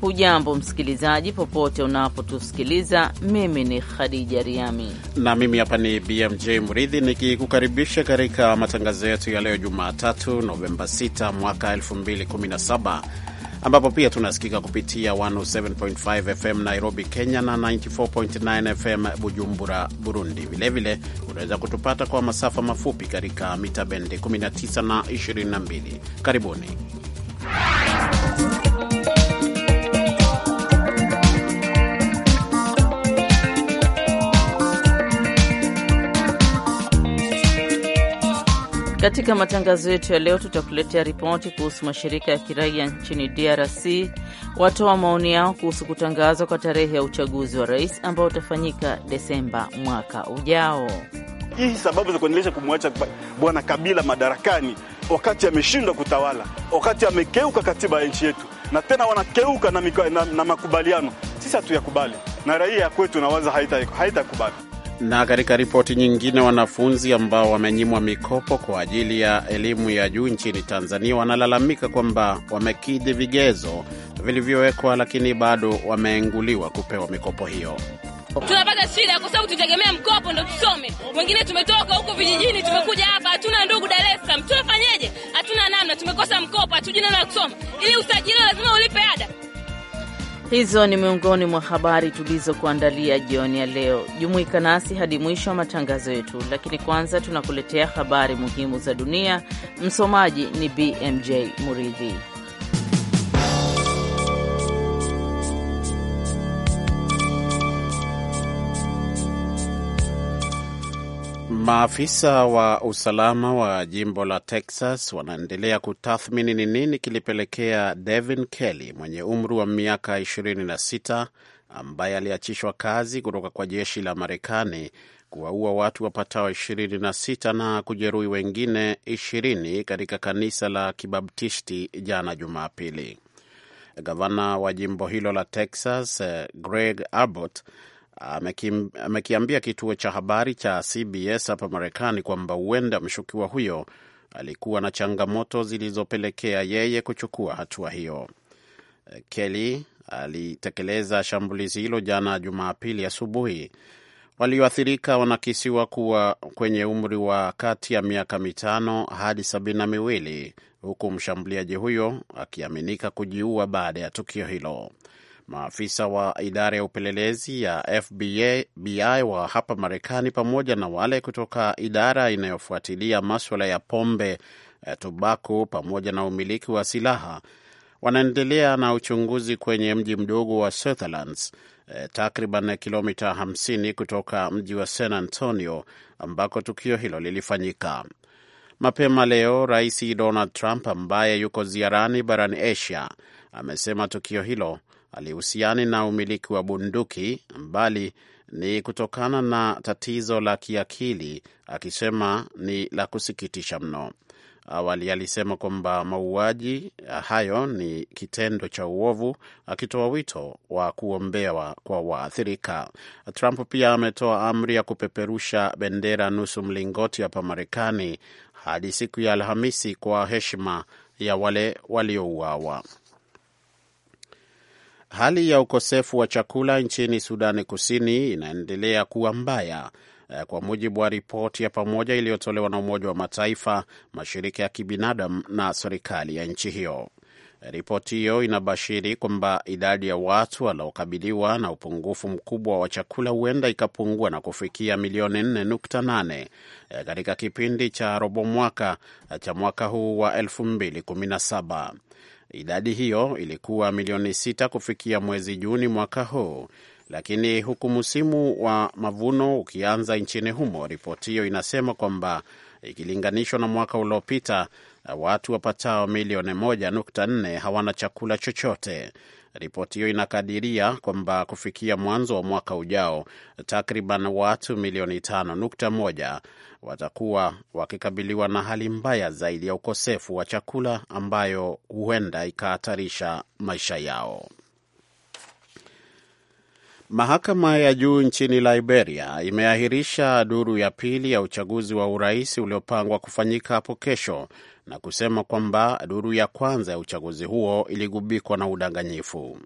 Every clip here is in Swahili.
Hujambo msikilizaji, popote unapotusikiliza. Mimi ni Khadija Riami na mimi hapa ni BMJ Mridhi nikikukaribisha katika matangazo yetu ya leo Jumatatu Novemba 6 mwaka 2017 ambapo pia tunasikika kupitia 107.5 FM Nairobi, Kenya na 94.9 FM Bujumbura, Burundi. Vilevile unaweza kutupata kwa masafa mafupi katika mita bendi 19 na 22. Karibuni. Katika matangazo yetu ya leo tutakuletea ripoti kuhusu mashirika ya kiraia nchini DRC watoa maoni yao kuhusu kutangazwa kwa tarehe ya uchaguzi wa rais ambao utafanyika Desemba mwaka ujao. Hii sababu za kuendelesha kumwacha bwana Kabila madarakani wakati ameshindwa kutawala, wakati amekeuka katiba ya nchi yetu, na tena wanakeuka na, na, na makubaliano. Sisi hatuyakubali na raia ya kwetu nawaza haitakubali haita na katika ripoti nyingine, wanafunzi ambao wamenyimwa mikopo kwa ajili ya elimu ya juu nchini Tanzania wanalalamika kwamba wamekidhi vigezo vilivyowekwa, lakini bado wameenguliwa kupewa mikopo hiyo. Tunapata shida kwa sababu tutegemea mkopo ndo tusome. Wengine tumetoka huko vijijini, tumekuja hapa, hatuna ndugu Dar es Salaam, tunafanyeje? Hatuna namna, tumekosa mkopo, hatujui namna ya kusoma. Ili usajili lazima ulipe ada. Hizo ni miongoni mwa habari tulizokuandalia jioni ya leo. Jumuika nasi hadi mwisho wa matangazo yetu, lakini kwanza tunakuletea habari muhimu za dunia. Msomaji ni BMJ Muridhi. Maafisa wa usalama wa jimbo la Texas wanaendelea kutathmini ni nini kilipelekea Devin Kelly mwenye umri wa miaka 26 ambaye aliachishwa kazi kutoka kwa jeshi la Marekani kuwaua watu wapatao 26 na kujeruhi wengine 20 katika kanisa la Kibaptisti jana Jumapili. Gavana wa jimbo hilo la Texas, eh, Greg Abbott amekiambia kituo cha habari cha CBS hapa Marekani kwamba huenda mshukiwa huyo alikuwa na changamoto zilizopelekea yeye kuchukua hatua hiyo. Kelly alitekeleza shambulizi hilo jana Jumapili asubuhi. Walioathirika wanakisiwa kuwa kwenye umri wa kati ya miaka mitano hadi sabini na miwili huku mshambuliaji huyo akiaminika kujiua baada ya tukio hilo. Maafisa wa idara ya upelelezi ya FBI wa hapa Marekani pamoja na wale kutoka idara inayofuatilia maswala ya pombe, eh, tobako pamoja na umiliki wa silaha wanaendelea na uchunguzi kwenye mji mdogo wa Sutherland eh, takriban kilomita 50 kutoka mji wa San Antonio ambako tukio hilo lilifanyika. Mapema leo, Rais Donald Trump ambaye yuko ziarani barani Asia amesema tukio hilo alihusiani na umiliki wa bunduki, mbali ni kutokana na tatizo la kiakili, akisema ni la kusikitisha mno. Awali alisema kwamba mauaji hayo ni kitendo cha uovu, akitoa wito wa kuombewa kwa waathirika. Trump pia ametoa amri ya kupeperusha bendera nusu mlingoti hapa Marekani hadi siku ya Alhamisi kwa heshima ya wale waliouawa. Hali ya ukosefu wa chakula nchini Sudani Kusini inaendelea kuwa mbaya eh, kwa mujibu wa ripoti ya pamoja iliyotolewa na Umoja wa Mataifa, mashirika ya kibinadamu na serikali ya nchi hiyo. Eh, ripoti hiyo inabashiri kwamba idadi ya watu wanaokabiliwa na upungufu mkubwa wa chakula huenda ikapungua na kufikia milioni 4.8 eh, katika kipindi cha robo mwaka cha mwaka huu wa 2017. Idadi hiyo ilikuwa milioni sita kufikia mwezi Juni mwaka huu, lakini huku msimu wa mavuno ukianza nchini humo, ripoti hiyo inasema kwamba ikilinganishwa na mwaka uliopita, watu wapatao milioni 1.4 hawana chakula chochote. Ripoti hiyo inakadiria kwamba kufikia mwanzo wa mwaka ujao takriban watu milioni tano nukta moja watakuwa wakikabiliwa na hali mbaya zaidi ya ukosefu wa chakula ambayo huenda ikahatarisha maisha yao. Mahakama ya juu nchini Liberia imeahirisha duru ya pili ya uchaguzi wa urais uliopangwa kufanyika hapo kesho na kusema kwamba duru ya kwanza ya uchaguzi huo iligubikwa na udanganyifu.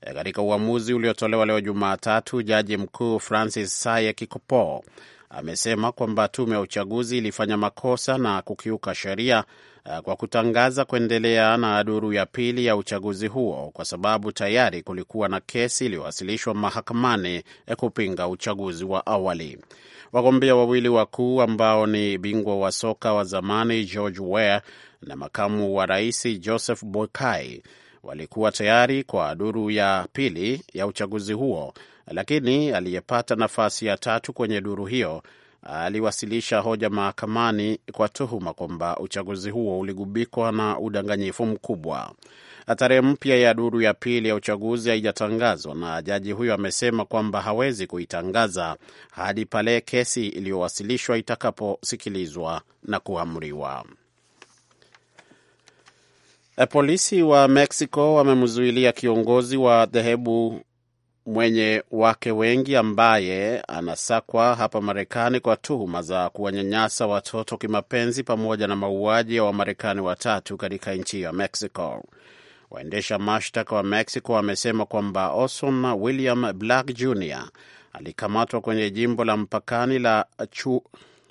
E, katika uamuzi uliotolewa leo Jumatatu, jaji mkuu Francis Saye Kikopo amesema kwamba tume ya uchaguzi ilifanya makosa na kukiuka sheria Eh, kwa kutangaza kuendelea na duru ya pili ya uchaguzi huo kwa sababu tayari kulikuwa na kesi iliyowasilishwa mahakamani eh, kupinga uchaguzi wa awali. Wagombea wawili wakuu ambao ni bingwa wa soka wa zamani George Weah na makamu wa rais Joseph Boakai walikuwa tayari kwa duru ya pili ya uchaguzi huo, lakini aliyepata nafasi ya tatu kwenye duru hiyo aliwasilisha hoja mahakamani kwa tuhuma kwamba uchaguzi huo uligubikwa na udanganyifu mkubwa. Tarehe mpya ya duru ya pili ya uchaguzi haijatangazwa na jaji huyo amesema kwamba hawezi kuitangaza hadi pale kesi iliyowasilishwa itakaposikilizwa na kuamriwa. Polisi wa Mexico wamemzuilia kiongozi wa dhehebu mwenye wake wengi ambaye anasakwa hapa Marekani kwa tuhuma za kuwanyanyasa watoto kimapenzi pamoja na mauaji ya Wamarekani watatu katika nchi ya Mexico. Waendesha mashtaka wa Mexico wamesema kwamba Orson William Black Jr alikamatwa kwenye jimbo la mpakani la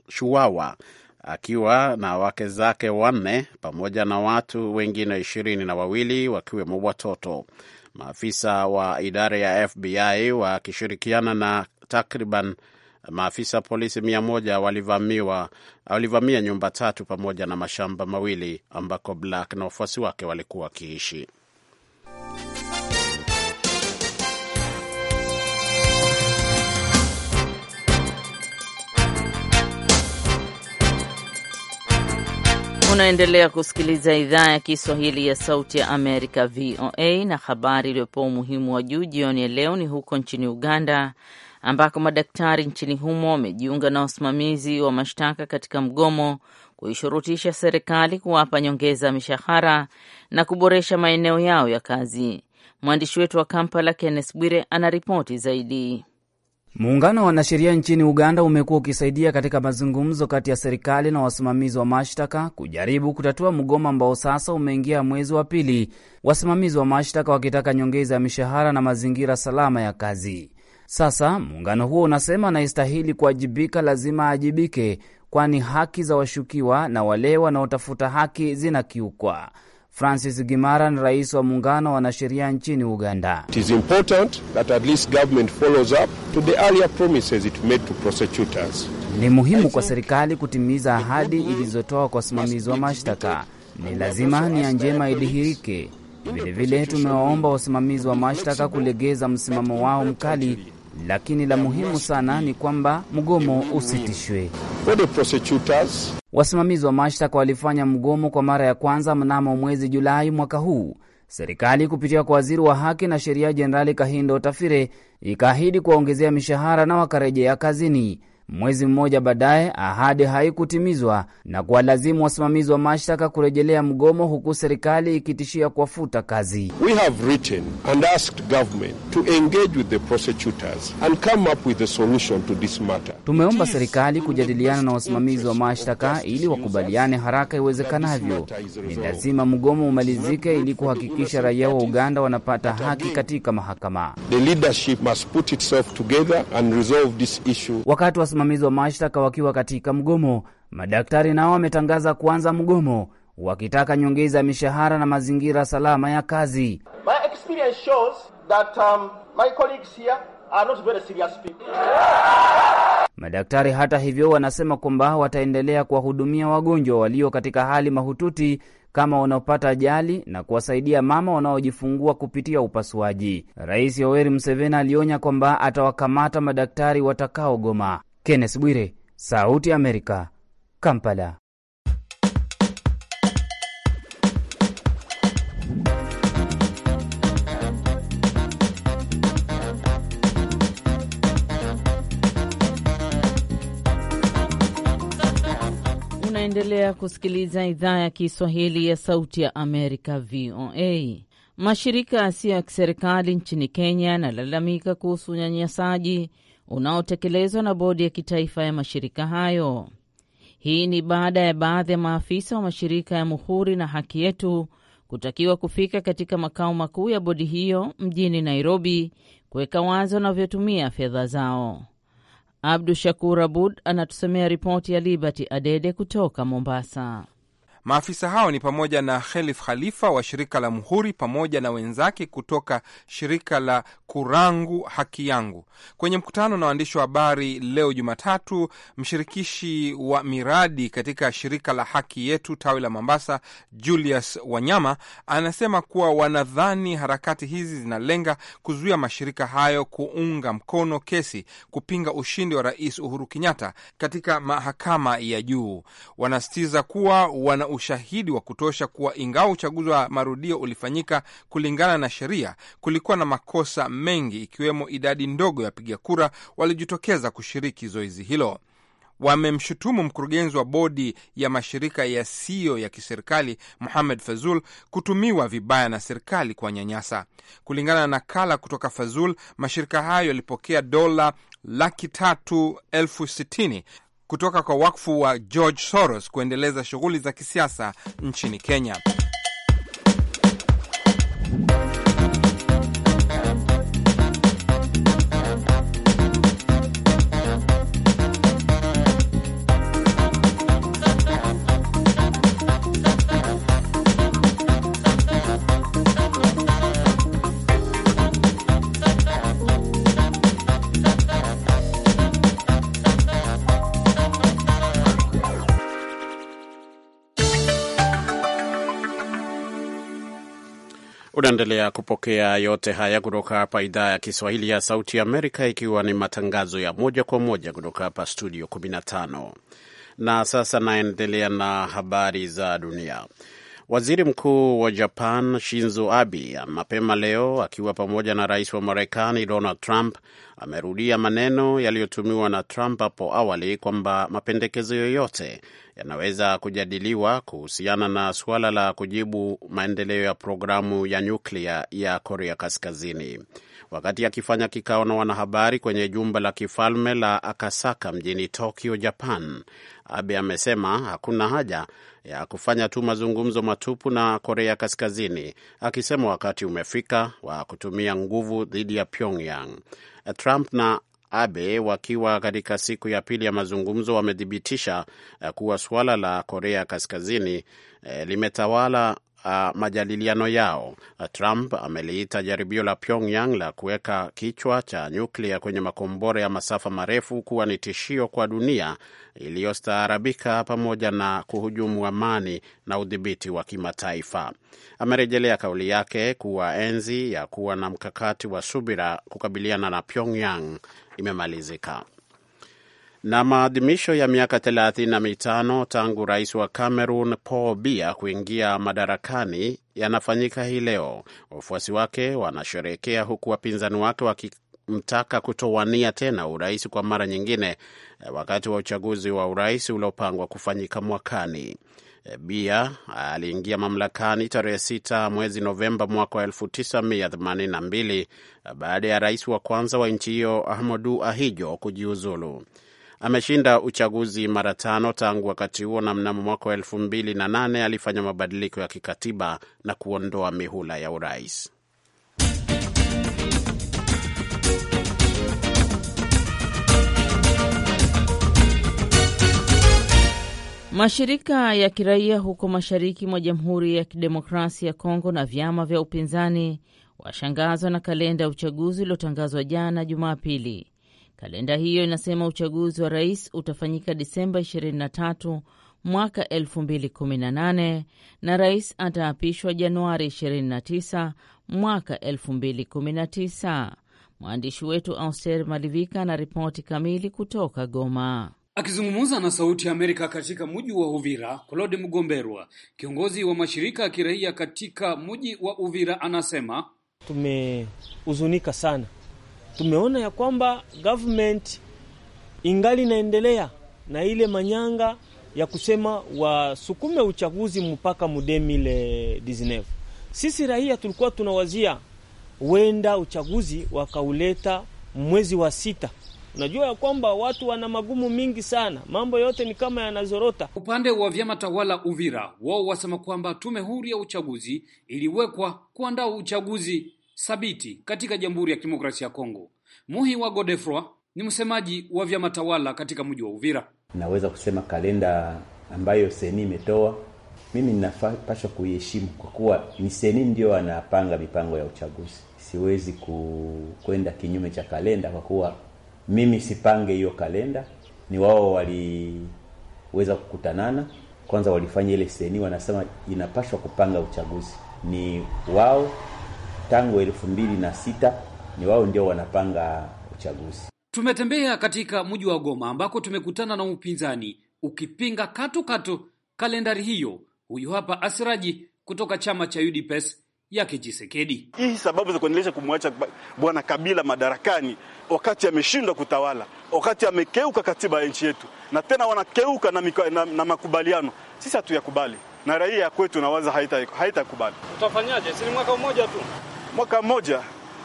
Chuawa akiwa na wake zake wanne pamoja na watu wengine ishirini na wawili wakiwemo watoto maafisa wa idara ya FBI wakishirikiana na takriban maafisa polisi mia moja walivamiwa walivamia nyumba tatu pamoja na mashamba mawili ambako Black na wafuasi wake walikuwa wakiishi. Unaendelea kusikiliza idhaa ya Kiswahili ya Sauti ya Amerika, VOA, na habari iliyopewa umuhimu wa juu jioni ya leo ni huko nchini Uganda, ambako madaktari nchini humo wamejiunga na wasimamizi wa mashtaka katika mgomo kuishurutisha serikali kuwapa nyongeza ya mishahara na kuboresha maeneo yao ya kazi. Mwandishi wetu wa Kampala, Kenneth Bwire, ana ripoti zaidi. Muungano wa wanasheria nchini Uganda umekuwa ukisaidia katika mazungumzo kati ya serikali na wasimamizi wa mashtaka kujaribu kutatua mgomo ambao sasa umeingia mwezi wa pili, wasimamizi wa mashtaka wakitaka nyongeza ya mishahara na mazingira salama ya kazi. Sasa muungano huo unasema anayestahili kuwajibika lazima aajibike, kwani haki za washukiwa na wale wanaotafuta haki zinakiukwa. Francis Gimara ni rais wa muungano wa wanasheria nchini Uganda. Ni muhimu kwa serikali kutimiza ahadi ilizotoa kwa wasimamizi wa mashtaka. Ni lazima nia njema idhihirike. Vilevile tumewaomba wasimamizi wa mashtaka kulegeza msimamo wao mkali lakini la muhimu sana ni kwamba mgomo usitishwe. Wasimamizi wa mashtaka walifanya mgomo kwa mara ya kwanza mnamo mwezi Julai mwaka huu. Serikali kupitia kwa waziri wa haki na sheria Jenerali Kahindo Tafire ikaahidi kuwaongezea mishahara na wakarejea kazini. Mwezi mmoja baadaye, ahadi haikutimizwa na kuwalazimu wasimamizi wa mashtaka kurejelea mgomo, huku serikali ikitishia kuwafuta kazi. We have written and asked government to engage with the prosecutors and come up with a solution to this matter. Tumeomba serikali kujadiliana na wasimamizi wa mashtaka ili wakubaliane haraka iwezekanavyo. Ni lazima mgomo umalizike ili kuhakikisha raia wa Uganda wanapata haki katika mahakama. The leadership must put itself together and resolve this issue. Wakati wa wasimamizi wa mashtaka wakiwa katika mgomo, madaktari nao wametangaza kuanza mgomo wakitaka nyongeza ya mishahara na mazingira salama ya kazi. Um, madaktari hata hivyo wanasema kwamba wataendelea kuwahudumia wagonjwa walio katika hali mahututi kama wanaopata ajali na kuwasaidia mama wanaojifungua kupitia upasuaji. Rais Yoweri Museveni alionya kwamba atawakamata madaktari watakaogoma. Kenneth Bwire, Sauti Amerika, Kampala. Unaendelea kusikiliza idhaa ya Kiswahili ya Sauti ya Amerika, VOA. Mashirika yasiyo ya kiserikali nchini Kenya yanalalamika kuhusu unyanyasaji unaotekelezwa na bodi ya kitaifa ya mashirika hayo. Hii ni baada ya baadhi ya maafisa wa mashirika ya Muhuri na Haki Yetu kutakiwa kufika katika makao makuu ya bodi hiyo mjini Nairobi kuweka wazi wanavyotumia fedha zao. Abdu Shakur Abud anatusomea ripoti ya Liberty Adede kutoka Mombasa. Maafisa hao ni pamoja na Khelif Khalifa wa shirika la Mhuri pamoja na wenzake kutoka shirika la Kurangu Haki Yangu. Kwenye mkutano na waandishi wa habari leo Jumatatu, mshirikishi wa miradi katika shirika la Haki Yetu tawi la Mombasa, Julius Wanyama, anasema kuwa wanadhani harakati hizi zinalenga kuzuia mashirika hayo kuunga mkono kesi kupinga ushindi wa Rais Uhuru Kenyatta katika mahakama ya juu. Wanasitiza kuwa wana ushahidi wa kutosha kuwa ingawa uchaguzi wa marudio ulifanyika kulingana na sheria, kulikuwa na makosa mengi, ikiwemo idadi ndogo ya wapiga kura walijitokeza kushiriki zoezi hilo. Wamemshutumu mkurugenzi wa bodi ya mashirika yasiyo ya kiserikali Muhamed Fazul kutumiwa vibaya na serikali kwa nyanyasa. Kulingana na nakala kutoka Fazul, mashirika hayo yalipokea dola laki tatu elfu sitini kutoka kwa wakfu wa George Soros kuendeleza shughuli za kisiasa nchini Kenya. Unaendelea kupokea yote haya kutoka hapa idhaa ya Kiswahili ya Sauti Amerika, ikiwa ni matangazo ya moja kwa moja kutoka hapa studio 15. Na sasa naendelea na habari za dunia. Waziri Mkuu wa Japan Shinzo Abe mapema leo akiwa pamoja na rais wa Marekani Donald Trump amerudia maneno yaliyotumiwa na Trump hapo awali kwamba mapendekezo yoyote yanaweza kujadiliwa kuhusiana na suala la kujibu maendeleo ya programu ya nyuklia ya Korea Kaskazini. Wakati akifanya kikao na wanahabari kwenye jumba la kifalme la Akasaka mjini Tokyo, Japan, Abe amesema hakuna haja ya kufanya tu mazungumzo matupu na Korea Kaskazini, akisema wakati umefika wa kutumia nguvu dhidi ya Pyongyang. Trump na Abe wakiwa katika siku ya pili ya mazungumzo wamethibitisha eh, kuwa suala la Korea Kaskazini eh, limetawala uh, majadiliano yao. Uh, Trump ameliita jaribio la Pyongyang la kuweka kichwa cha nyuklia kwenye makombora ya masafa marefu kuwa ni tishio kwa dunia iliyostaarabika pamoja na kuhujumu amani na udhibiti wa kimataifa. Amerejelea kauli yake kuwa enzi ya kuwa na mkakati wa subira kukabiliana na Pyongyang imemalizika. Na maadhimisho ya miaka thelathini na mitano tangu rais wa Cameroon Paul Biya kuingia madarakani yanafanyika hii leo. Wafuasi wake wanasherehekea huku wapinzani wake wakimtaka kutowania tena urais kwa mara nyingine eh, wakati wa uchaguzi wa urais uliopangwa kufanyika mwakani. Eh, Bia aliingia mamlakani tarehe 6 mwezi Novemba mwaka wa 1982 eh, baada ya rais wa kwanza wa nchi hiyo Ahmadu Ahijo kujiuzulu ameshinda uchaguzi mara tano tangu wakati huo, na mnamo mwaka wa elfu mbili na nane alifanya mabadiliko ya kikatiba na kuondoa mihula ya urais. Mashirika ya kiraia huko mashariki mwa Jamhuri ya Kidemokrasia ya Kongo na vyama vya upinzani washangazwa na kalenda ya uchaguzi uliotangazwa jana Jumapili. Kalenda hiyo inasema uchaguzi wa rais utafanyika Disemba 23 mwaka 2018 na rais ataapishwa Januari 29 mwaka 2019. Mwandishi wetu Auster Malivika ana ripoti kamili kutoka Goma. Akizungumza na Sauti ya Amerika katika mji wa Uvira, Claude Mgomberwa, kiongozi wa mashirika ya kiraia katika mji wa Uvira, anasema tumehuzunika sana tumeona ya kwamba government ingali inaendelea na ile manyanga ya kusema wasukume uchaguzi mpaka mu 2019. Sisi raia tulikuwa tunawazia wenda uchaguzi wakauleta mwezi wa sita. Unajua ya kwamba watu wana magumu mingi sana, mambo yote ni kama yanazorota. Upande wa vyama tawala Uvira, wao wasema kwamba tume huru ya uchaguzi iliwekwa kuandaa uchaguzi thabiti katika Jamhuri ya Kidemokrasia ya Kongo. wa Godefroy ni msemaji wa vyama tawala katika mji wa Uvira. Naweza kusema kalenda ambayo seni imetoa mimi ninapashwa kuiheshimu kwa kuwa ni seni ndio anapanga mipango ya uchaguzi. Siwezi kwenda kinyume cha kalenda kwa kuwa mimi sipange hiyo kalenda, ni wao waliweza kukutanana kwanza, walifanya ile seni, wanasema inapashwa kupanga uchaguzi, ni wao tangu elfu mbili na sita ni wao ndio wanapanga uchaguzi. Tumetembea katika mji wa Goma ambako tumekutana na upinzani ukipinga katu kalendari hiyo. Huyu hapa Asiraji kutoka chama cha UDPS yake Chisekedi. Hii sababu za kuendelesha kumwacha bwana Kabila madarakani wakati ameshindwa kutawala, wakati amekeuka katiba ya nchi yetu, na tena wanakeuka na, mika, na, na makubaliano. Sisi hatuyakubali na raia ya kwetu nawaza haitakubali haita. Tutafanyaje? si mwaka mmoja tu mwaka mmoja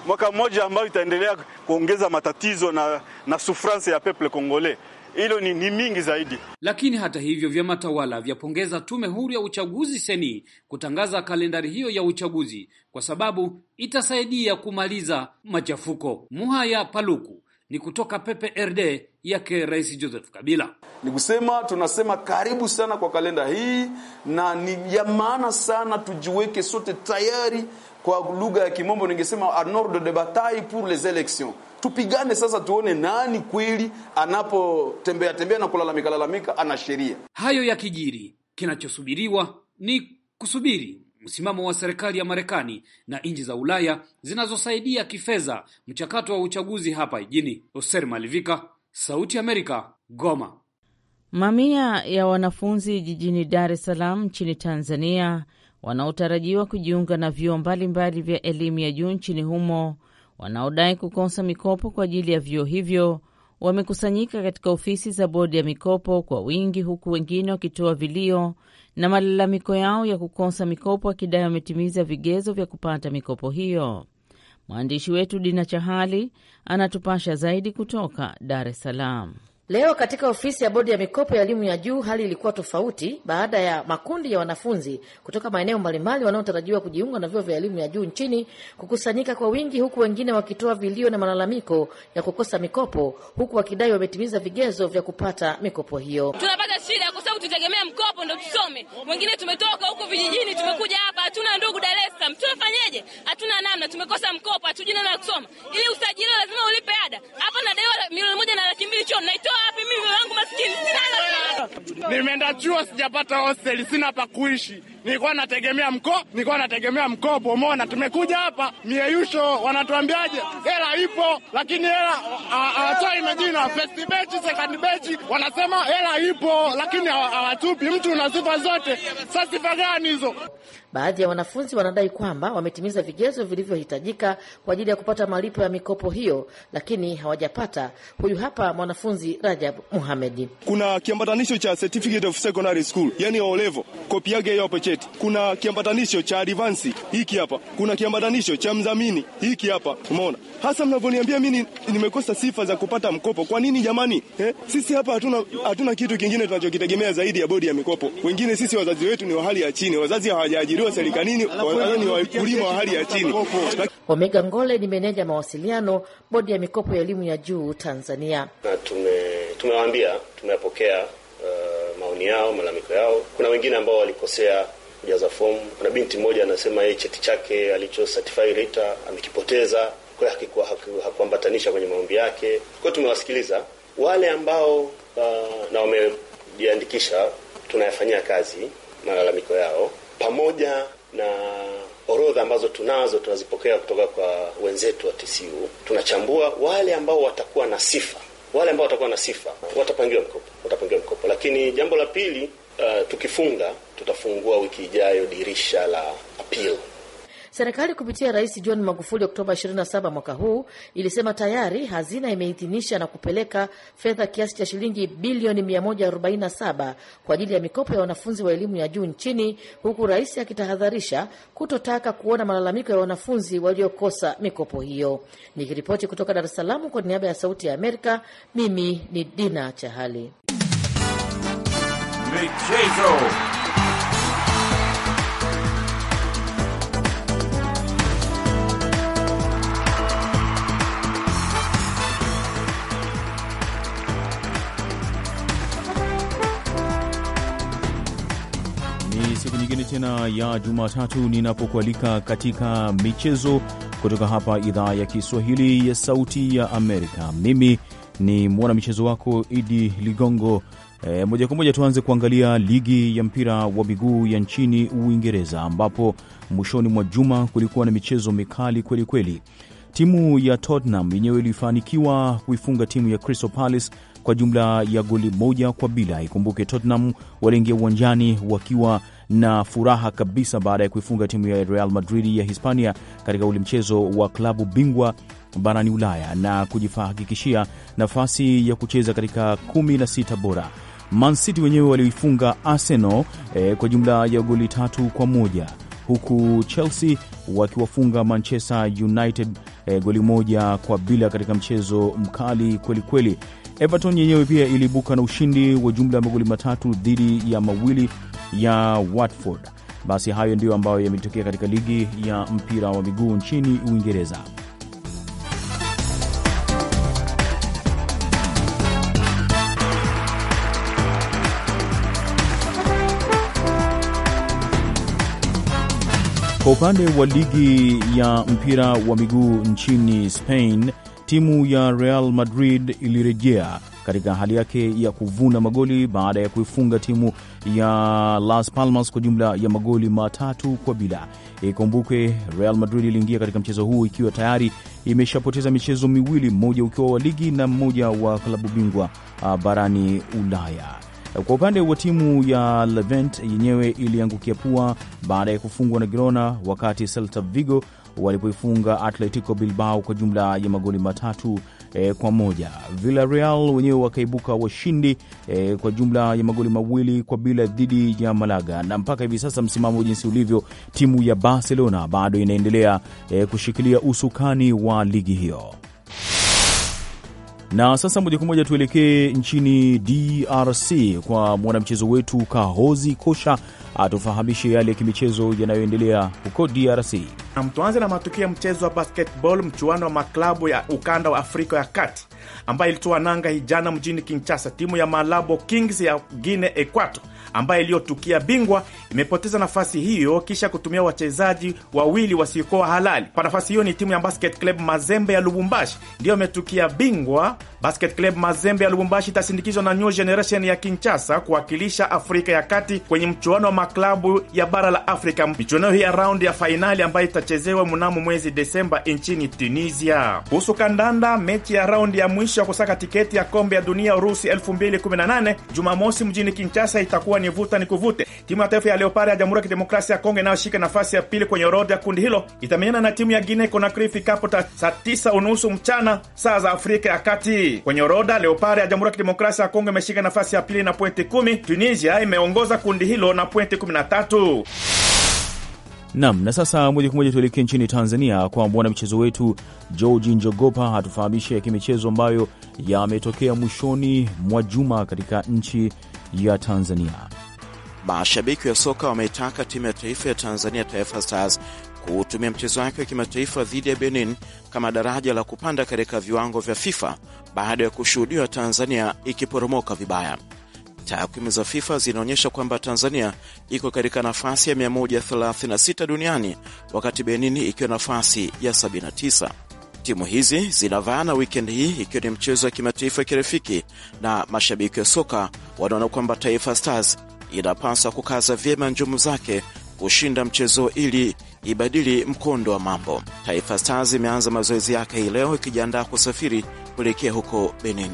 mwaka mmoja ambayo itaendelea kuongeza matatizo na, na sufrance ya peple Kongole. Hilo ni, ni mingi zaidi. Lakini hata hivyo, vyama tawala vyapongeza tume huru ya uchaguzi seni kutangaza kalendari hiyo ya uchaguzi kwa sababu itasaidia kumaliza machafuko. Muhaya Paluku ni kutoka PPRD yake Rais Joseph Kabila. Ni kusema tunasema karibu sana kwa kalenda hii, na ni ya maana sana, tujiweke sote tayari kwa lugha ya kimombo ningesema an ordre de bataille pour les elections. Tupigane sasa, tuone nani kweli anapotembea tembea na kulalamika lalamika ana sheria. Hayo ya kijiri, kinachosubiriwa ni kusubiri msimamo wa serikali ya Marekani na nchi za Ulaya zinazosaidia kifedha mchakato wa uchaguzi hapa jijini. Oser Malivika, Sauti Amerika, Goma. Mamia ya wanafunzi jijini Dar es Salaam nchini Tanzania wanaotarajiwa kujiunga na vyuo mbalimbali vya elimu ya juu nchini humo wanaodai kukosa mikopo kwa ajili ya vyuo hivyo wamekusanyika katika ofisi za bodi ya mikopo kwa wingi, huku wengine wakitoa vilio na malalamiko yao ya kukosa mikopo, wakidai wametimiza vigezo vya kupata mikopo hiyo. Mwandishi wetu Dina Chahali anatupasha zaidi kutoka Dar es Salaam. Leo katika ofisi ya bodi ya mikopo ya elimu ya juu hali ilikuwa tofauti baada ya makundi ya wanafunzi kutoka maeneo mbalimbali wanaotarajiwa kujiunga na vyuo vya elimu ya juu nchini kukusanyika kwa wingi, huku wengine wakitoa vilio na malalamiko ya kukosa mikopo, huku wakidai wametimiza vigezo vya kupata mikopo hiyo. Tunapata shida kwa sababu tutegemea mkopo ndo tusome. Wengine tumetoka huko vijijini, tumekuja hapa, hatuna ndugu Dar es Salaam, tunafanyeje? Hatuna namna, tumekosa mkopo, hatujui namna ya kusoma. Ili usajiliwe lazima ulipe ada, hapa nadaiwa milioni moja na laki mbili chuo naitoa wapi? Mimi wangu maskini, nimeenda chuo, sijapata hosteli, sina pa kuishi nilikuwa nategemea mko, nilikuwa nategemea mkopo, umeona. Tumekuja hapa mieyusho, wanatuambiaje? Hela ipo, lakini hela hawatoi majina. First batch, second batch, wanasema hela ipo, lakini hawatupi. Mtu una sifa zote, sa sifa gani hizo? Baadhi ya wanafunzi wanadai kwamba wametimiza vigezo vilivyohitajika kwa ajili ya kupata malipo ya mikopo hiyo, lakini hawajapata. Huyu hapa mwanafunzi Rajab Muhamedi. Kuna kiambatanisho cha certificate of secondary school, yani olevo kopi yake hiyo hapo state kuna kiambatanisho cha advance hiki hapa, kuna kiambatanisho cha mzamini hiki hapa. Umeona hasa mnavyoniambia mimi nimekosa sifa za kupata mkopo. Kwa nini jamani eh? Sisi hapa hatuna, hatuna kitu kingine tunachokitegemea zaidi ya bodi ya mikopo. Wengine sisi wazazi wetu ni wa hali ya chini, wazazi hawajaajiriwa serikalini, ni wakulima wa hali ya chini. Omega Ngole ni meneja mawasiliano, bodi ya mikopo ya elimu ya juu Tanzania. Na tumewaambia tumeyapokea, uh, maoni yao, malalamiko yao. Kuna wengine ambao walikosea kujaza fomu. Kuna binti mmoja anasema yeye cheti chake alicho certify RITA amekipoteza kwa hakikuwa hakuambatanisha kwenye maombi yake. Kwa tumewasikiliza wale ambao uh, na wamejiandikisha, tunayafanyia kazi malalamiko yao pamoja na orodha ambazo tunazo tunazipokea kutoka kwa wenzetu wa TCU. Tunachambua wale ambao watakuwa na sifa, wale ambao watakuwa na sifa watapangiwa mkopo, watapangiwa mkopo. Lakini jambo la pili uh, tukifunga tutafungua wiki ijayo dirisha la appeal. Serikali kupitia Rais John Magufuli Oktoba 27 mwaka huu ilisema tayari hazina imeidhinisha na kupeleka fedha kiasi cha shilingi bilioni 147 kwa ajili ya mikopo ya wanafunzi wa elimu ya juu nchini, huku rais akitahadharisha kutotaka kuona malalamiko ya wanafunzi waliokosa mikopo hiyo. Nikiripoti kutoka Dar es Salaam kwa niaba ya Sauti ya Amerika, mimi ni Dina Chahali. Michezo. Siku nyingine tena ya Jumatatu ninapokualika katika michezo kutoka hapa idhaa ya Kiswahili ya Sauti ya Amerika. Mimi ni mwana michezo wako Idi Ligongo. E, moja kwa moja tuanze kuangalia ligi ya mpira wa miguu ya nchini Uingereza ambapo mwishoni mwa juma kulikuwa na michezo mikali kweli kweli. Timu ya Tottenham yenyewe ilifanikiwa kuifunga timu ya Crystal Palace kwa jumla ya goli moja kwa bila. Ikumbuke Tottenham waliingia uwanjani wakiwa na furaha kabisa baada ya kuifunga timu ya Real Madrid ya Hispania katika ule mchezo wa klabu bingwa barani Ulaya na kujifahakikishia nafasi ya kucheza katika 16 bora. Man City wenyewe walioifunga Arsenal e, kwa jumla ya goli tatu kwa moja huku Chelsea wakiwafunga Manchester United e, goli moja kwa bila katika mchezo mkali kwelikweli kweli. Everton yenyewe pia iliibuka na ushindi wa jumla ya magoli matatu dhidi ya mawili ya Watford. Basi hayo ndiyo ambayo yametokea katika ligi ya mpira wa miguu nchini Uingereza. Kwa upande wa ligi ya mpira wa miguu nchini Spain, timu ya Real Madrid ilirejea katika hali yake ya kuvuna magoli baada ya kuifunga timu ya Las Palmas kwa jumla ya magoli matatu kwa bila. Ikumbuke Real Madrid iliingia katika mchezo huu ikiwa tayari imeshapoteza michezo miwili, mmoja ukiwa wa ligi na mmoja wa klabu bingwa ah, barani Ulaya. Kwa upande wa timu ya Levent yenyewe iliangukia pua baada ya kufungwa na Girona, wakati Celta Vigo walipoifunga Atletico Bilbao kwa jumla ya magoli matatu e, kwa moja. Villarreal wenyewe wakaibuka washindi e, kwa jumla ya magoli mawili kwa bila dhidi ya Malaga, na mpaka hivi sasa msimamo jinsi ulivyo, timu ya Barcelona bado inaendelea e, kushikilia usukani wa ligi hiyo. Na sasa moja kwa moja tuelekee nchini DRC kwa mwanamchezo wetu Kahozi Kosha atufahamishe yale ya kimichezo yanayoendelea huko DRC. Tuanze na matukio ya mchezo wa basketball, mchuano wa maklabu ya ukanda wa Afrika ya kati ambayo ilitoa nanga hijana mjini Kinshasa. Timu ya Malabo Kings ya Guine Equato ambaye iliyotukia bingwa imepoteza nafasi hiyo kisha kutumia wachezaji wawili wasiokuwa halali. Kwa nafasi hiyo ni timu ya Basket Club Mazembe ya Lubumbashi ndiyo imetukia bingwa. Basket Club Mazembe ya Lubumbashi itasindikizwa na New Generation ya Kinshasa kuwakilisha Afrika ya Kati kwenye mchuano wa maklabu ya bara la Afrika. Michuano hii ya raundi ya fainali ambayo itachezewa mnamo mwezi Desemba nchini Tunisia. Kuhusu kandanda, mechi ya raundi ya mwisho ya kusaka tiketi ya kombe ya dunia Urusi 2018 Jumamosi mjini Kinshasa itakuwa ni kwenye vuta ni kuvute. Timu ya taifa ya Leopard ya Jamhuri ya Kidemokrasia ya Kongo inayoshika nafasi ya pili kwenye orodha ya kundi hilo itamenyana na timu ya Guinea Conakry ifikapo saa tisa unusu mchana saa za Afrika ya Kati. Kwenye orodha, Leopard ya Jamhuri ya Kidemokrasia ya Kongo imeshika nafasi ya pili na pointi kumi. Tunisia imeongoza kundi hilo na pointi kumi na tatu. Nam, na sasa moja kwa moja tuelekee nchini Tanzania kwa michezo wetu George Njogopa ya kimichezo ambayo yametokea mwishoni mwa juma katika nchi ya Tanzania. Mashabiki wa soka wameitaka timu ya taifa ya Tanzania, Taifa Stars, kuutumia mchezo wake wa kimataifa dhidi ya Benin kama daraja la kupanda katika viwango vya FIFA baada ya kushuhudiwa Tanzania ikiporomoka vibaya. Takwimu za FIFA zinaonyesha kwamba Tanzania iko katika nafasi ya 136 duniani wakati Benin ikiwa nafasi ya 79. Timu hizi zinavaana wikendi hii ikiwa ni mchezo wa kimataifa kirafiki, na mashabiki wa soka wanaona kwamba Taifa Stars inapaswa kukaza vyema njumu zake kushinda mchezo ili ibadili mkondo wa mambo. Taifa Stars imeanza mazoezi yake hii leo ikijiandaa kusafiri kuelekea huko Benin.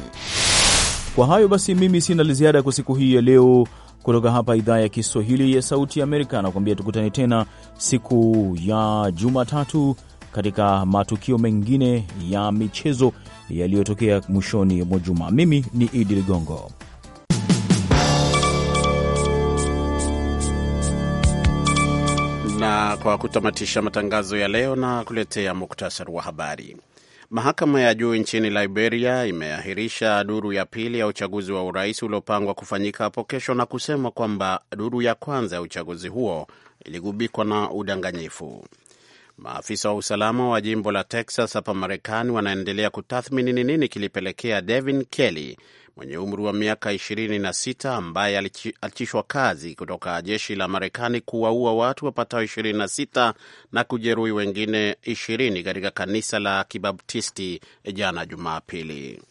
Kwa hayo basi, mimi sina la ziada kwa siku hii ya leo kutoka hapa idhaa ya Kiswahili ya Sauti ya Amerika. Nakuambia tukutane tena siku ya Jumatatu katika matukio mengine ya michezo yaliyotokea mwishoni mwa juma. Mimi ni Idi Ligongo. Na kwa kutamatisha matangazo ya leo, na kuletea muktasari wa habari. Mahakama ya juu nchini Liberia imeahirisha duru ya pili ya uchaguzi wa urais uliopangwa kufanyika hapo kesho na kusema kwamba duru ya kwanza ya uchaguzi huo iligubikwa na udanganyifu. Maafisa wa usalama wa jimbo la Texas hapa Marekani wanaendelea kutathmini ni nini kilipelekea Devin Kelly mwenye umri wa miaka 26 ambaye aliachishwa kazi kutoka jeshi la Marekani kuwaua watu wapatao 26 na kujeruhi wengine 20 katika kanisa la Kibaptisti jana Jumapili.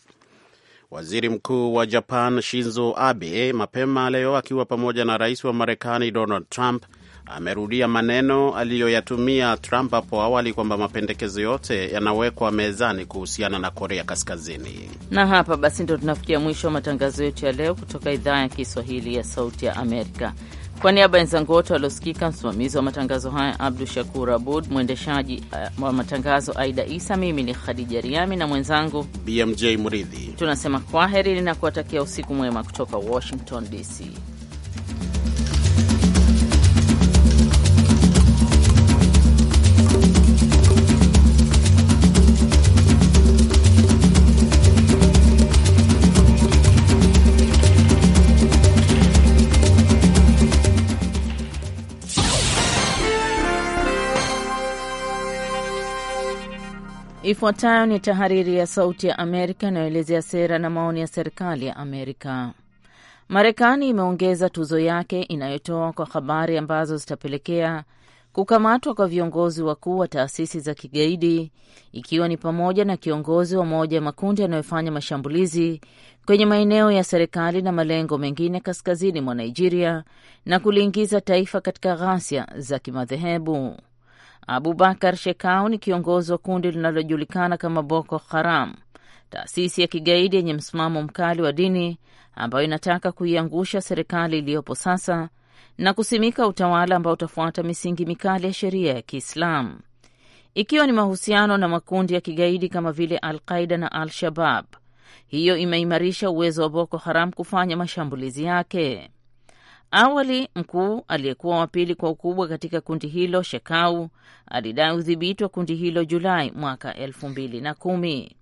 Waziri Mkuu wa Japan Shinzo Abe mapema leo akiwa pamoja na rais wa Marekani Donald Trump amerudia maneno aliyoyatumia Trump hapo awali kwamba mapendekezo yote yanawekwa mezani kuhusiana na Korea Kaskazini. Na hapa basi ndo tunafikia mwisho wa matangazo yetu ya leo kutoka idhaa ya Kiswahili ya Sauti ya Amerika. Kwa niaba ya wenzangu wote waliosikika, msimamizi wa matangazo haya Abdu Shakur Abud, mwendeshaji eh, wa matangazo Aida Isa, mimi ni Khadija Riami na mwenzangu BMJ Mridhi, tunasema kwaherini na kuwatakia usiku mwema kutoka Washington DC. Ifuatayo ni tahariri ya Sauti ya Amerika inayoelezea sera na maoni ya serikali ya Amerika. Marekani imeongeza tuzo yake inayotoa kwa habari ambazo zitapelekea kukamatwa kwa viongozi wakuu wa taasisi za kigaidi ikiwa ni pamoja na kiongozi wa moja ya makundi yanayofanya mashambulizi kwenye maeneo ya serikali na malengo mengine kaskazini mwa Nigeria na kuliingiza taifa katika ghasia za kimadhehebu. Abubakar Shekau ni kiongozi wa kundi linalojulikana kama Boko Haram, taasisi ya kigaidi yenye msimamo mkali wa dini ambayo inataka kuiangusha serikali iliyopo sasa na kusimika utawala ambao utafuata misingi mikali ya sheria ya Kiislamu, ikiwa ni mahusiano na makundi ya kigaidi kama vile Al-Qaida na Al-Shabab. Hiyo imeimarisha uwezo wa Boko Haram kufanya mashambulizi yake. Awali mkuu aliyekuwa wa pili kwa ukubwa katika kundi hilo Shekau alidai udhibiti wa kundi hilo Julai mwaka elfu mbili na kumi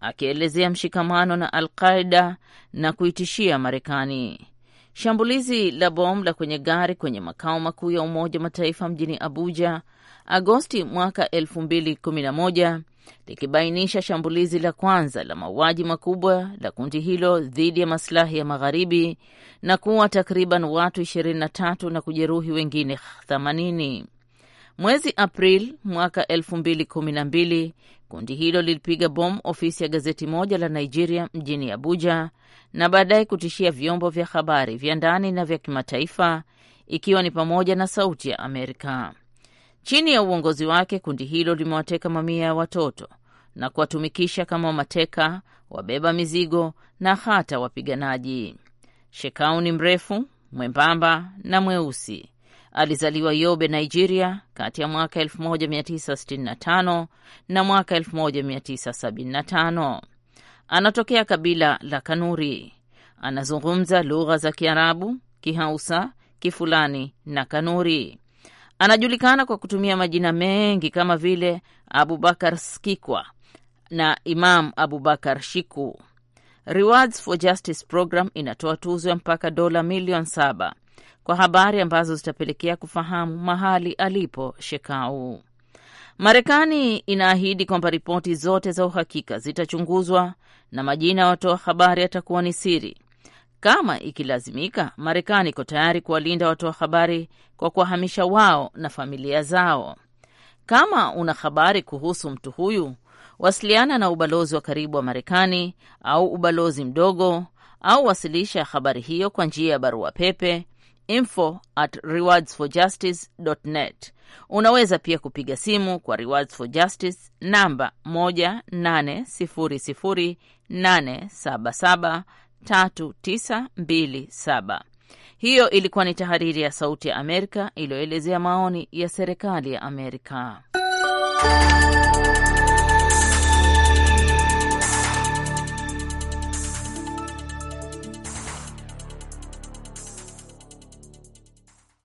akielezea mshikamano na Alqaida na kuitishia Marekani. Shambulizi la bomu la kwenye gari kwenye makao makuu ya Umoja wa Mataifa mjini Abuja Agosti mwaka elfu mbili kumi na moja likibainisha shambulizi la kwanza la mauaji makubwa la kundi hilo dhidi ya masilahi ya magharibi na kuwa takriban watu 23 na kujeruhi wengine 80. Mwezi april mwaka 2012 kundi hilo lilipiga bomu ofisi ya gazeti moja la Nigeria mjini Abuja na baadaye kutishia vyombo vya habari vya ndani na vya kimataifa ikiwa ni pamoja na Sauti ya Amerika. Chini ya uongozi wake, kundi hilo limewateka mamia ya watoto na kuwatumikisha kama mateka, wabeba mizigo na hata wapiganaji. Shekau ni mrefu, mwembamba na mweusi. Alizaliwa Yobe, Nigeria, kati ya mwaka 1965 na mwaka 1975. Anatokea kabila la Kanuri. Anazungumza lugha za Kiarabu, Kihausa, Kifulani na Kanuri. Anajulikana kwa kutumia majina mengi kama vile Abubakar Skikwa na Imam Abubakar Shiku. Rewards for Justice program inatoa tuzo ya mpaka dola milioni saba kwa habari ambazo zitapelekea kufahamu mahali alipo Shekau. Marekani inaahidi kwamba ripoti zote za uhakika zitachunguzwa na majina ya watoa habari yatakuwa ni siri kama ikilazimika, Marekani iko tayari kuwalinda watoa habari kwa kuwahamisha wao na familia zao. Kama una habari kuhusu mtu huyu, wasiliana na ubalozi wa karibu wa Marekani au ubalozi mdogo, au wasilisha habari hiyo kwa njia ya barua pepe info at rewardsforjustice.net. Unaweza pia kupiga simu kwa Rewards for Justice namba 1800877 3927. Hiyo ilikuwa ni tahariri ya Sauti ya Amerika iliyoelezea maoni ya serikali ya Amerika.